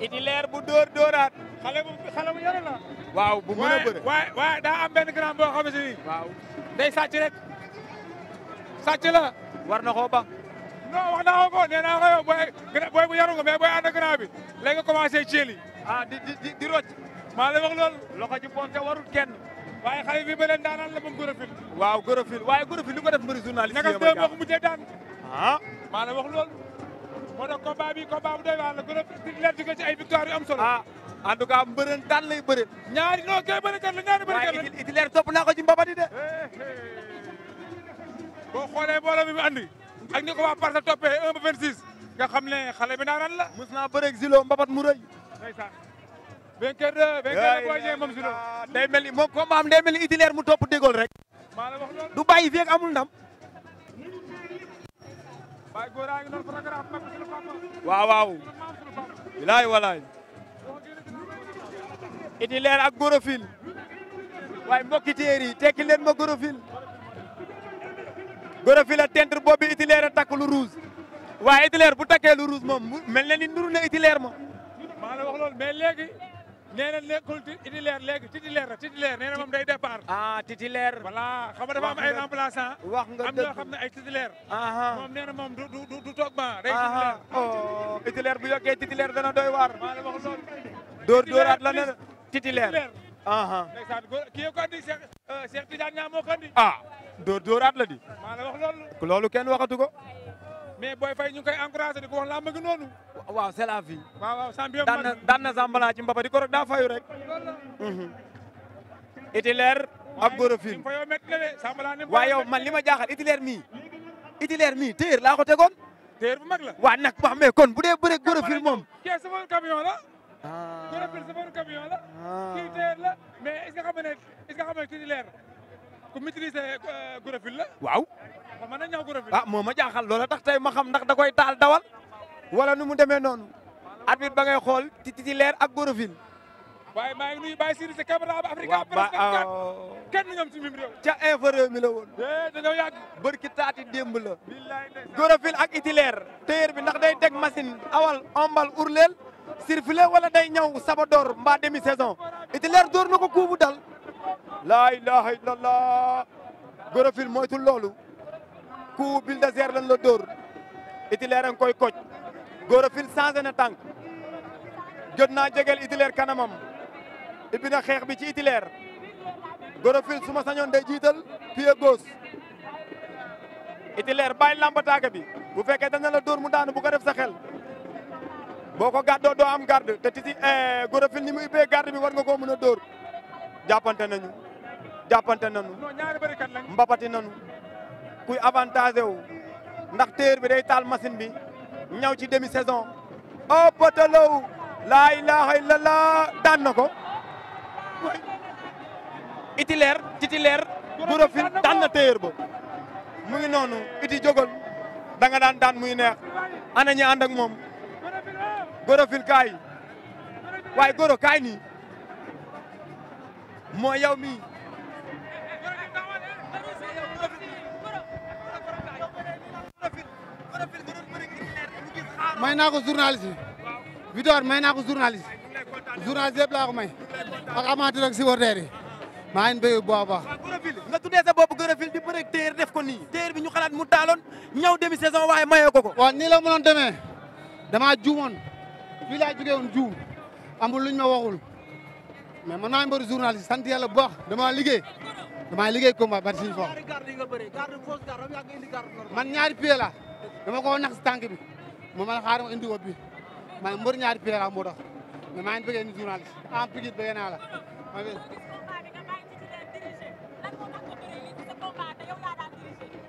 Itileer bu dóor dóoraat. xale bu xale bu yore la. waaw bu mën a bëre waaye waaye daa am benn grand xam ne nii. waaw day sàcc rek sàcc la. war na koo ba. non wax naa ko nee naa ko yow booy booy bu yaru nga mais booy ànd grand bi léegi nga commencé ceeli. Ah, di di maa la wax loolu. loxo ji ponte warul kenn. waaye xale bi beneen daanaan la moom Gorofil. waaw Gorofil waaye Gorofil li ko def mbëri journaliste. naka tey mbokk mu ah. maa la wax lool moo tax combat bi combat bu doy waar la gën a leen jóge ay victoire yu am solo. a ah, en tout cas mbërën daan lay bërën. ñaari non kay bërëkat la ñaari bërëkat la waaye Itilaire topp naa ko ci mbabadi de. Eh, eh. boo xoolee mbooloo mi mu andi ak ni ko waa Parcelles toppee 1 ba 26 nga xam ne xale bi naan la. mos naa bëreeg Zilo mbabat mu rëy. ndeysaan. vainqueur de vainqueur de Boy Niang moom Zilo. mel ni moom combat am mel ni mu topp dégol rek. maa du bàyyi fii ak amul ndam. waaw waaw bilaay walaay iti leer ak gorofil waaye mbokki téer yi tekki leen ma gorofil gorofil a tentre boobu iti leer a takk lu rouge waaye iti bu takkee lu rouge moom mel na ni nuru la wax loolu nee na nekkul titulaire léegi titulaire la titulaire moom day départ. ah titulaire. voilà xam nga dafa am ay remplaçant. wax nga am ñoo xam ne ay titulaire. Ah, ah. moom nee na moom du toog ma day ah, titulaire. oh titulaire bu yokkee titulaire dana doy waar. maa la wax loolu. door dooraat la ne titulaire. ndeysaan kii ko andi Cheikh euh, Cheikh Tidiane Niang moo ko andi. ah door dooraat la di. maa loolu. loolu kenn waxatu ko. mais Boy Faye ñu ngi koy encouragé di ko wax làmb waaw c'est la vie. daan na daan na di ko daa fayu rek. Mhm. itilaire ak gorofil. waaye yow man li ma jaaxal itilaire mii. itilaire mii téer laa ko tegoon. téer waa nag wax kon bu dee bëre gorofil moom. kii sama camion la. Ah. gorofil sama camion la. Ah. kii téer la mais est-ce que xam nga ne ku maîtriser euh, gorofil la. ah moo ma jaaxal loola tax tay ma xam ndax da koy taal dawal wala nu mu demee noonu arbitre ba ngay xool ci titulaire ak Gorofil waaye maa ngi nuyu Baye Sidi sa caméra ba Africa Press ah. kenn ñoom ci mim réew ca info réew woon eh, bërki taati démb la Gorofil ak itilaire téyër bi ndax day deg machine awal ombal urleel sirfile wala day ñaw sabadoor mbaa demi saison itilaire door na ko kuubu dal laa ilaha illallah Gorofil moytul loolu coup bulldozer lañ la dóor Hitler a ngi koy koj Gora Fine changé na tànk jot naa jegeel Hitler kanamam ibbi na xeex bi ci Hitler Gora Fine su ma sañoon day jiital pied gauche Hitler bàyyi lambataaka bi bu fekkee dana la dóor mu daanu bu ko def sa xel boo ko gàddoo doo am garde te titi eh, Gora Fine ni mu ubbee garde bi war nga koo mën a dóor jàppante nañu jàppante nañu mbapati nañu kuy avantage wu ndax téer bi day taal machine bi ñaw ci demi saison o oh, batalaw laa ilaha illallah daan na ko itilaire titilaire burofil daan na téer ba mu ngi noonu iti jógal danga nga daan daan muy neex ana ñi ànd ak moom gorofil kaay waaye goro kaay nii moo yow mi may naa ko journaliste yi Victoire may naa ko journaliste journaliste yëpp laa ko may ak amateur ak supporter yi maa ngi bëgg bu baax a baax nga tuddee sa bopp Gorofil di bëre téer def ko nii teer bi ñu xalaat mu taaloon ñaw demi saison waaye mayoo ko ko waaw nii la mënoon demee damaa juumoon fii laa jógee woon juum amul luñ ma waxul mais mën naa mbëri journaliste sant yàlla bu baax damaa liggéey damaa liggéey combat bari siñ fo man ñaari pied la dama ko nax si tànk bi mo man xaaral ma indi ko bi man mbër ñaari pire la moo tax mais maa ngi bëggee ni journaliste en plus it bëggee naa la.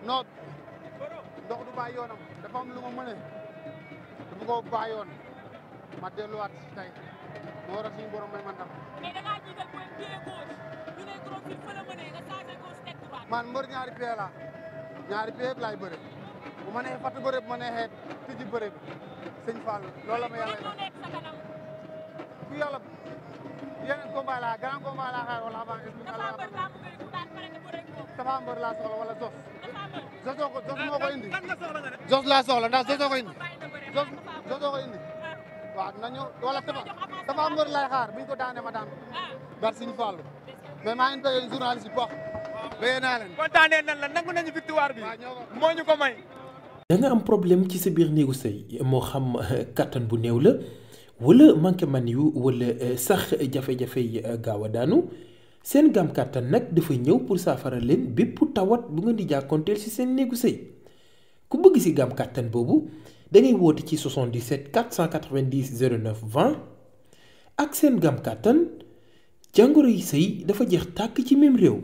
non ndox du bàyyi yoonam dafa am lu ma mënee dafa ko bàyyi yoon ma delluwaat si tey moo waral suñu borom may man dam mais da ngaa jiital mooy pied gauche ñu ne gros fil fa la mënee nga changé gauche teg droite man mbër ñaari pire la ñaari pire laay bëre bu ma neexee bëre bu ma neexee tëj bëre bi sëñ Fallou ma yàlla ku yàlla yeneen combat laa laa xaar wala avant dafa mbër laa ko jos moo ko indi jos laa soxla ndax zosoo ko indi jos zosoo indi ah. waaw nañu wala tafa dafa mbër laay xaar buñ ko daane ma daan ah. bar sëñ maa ngi bëggee journaliste yi baax bëggee nan nangu nañu victoire bi moo ñu a un problème qui se biir néegu xam carton euh, bu wala ou un wala euh, sax jafé jafé euh, gawa danou a gam dafa pour saafara leen bepp tawat bu ngeen di jàkkoonteel ci sen néegu bëgg gam 77 490 09 20 ak sen gam yi sey dafa jex tak ci même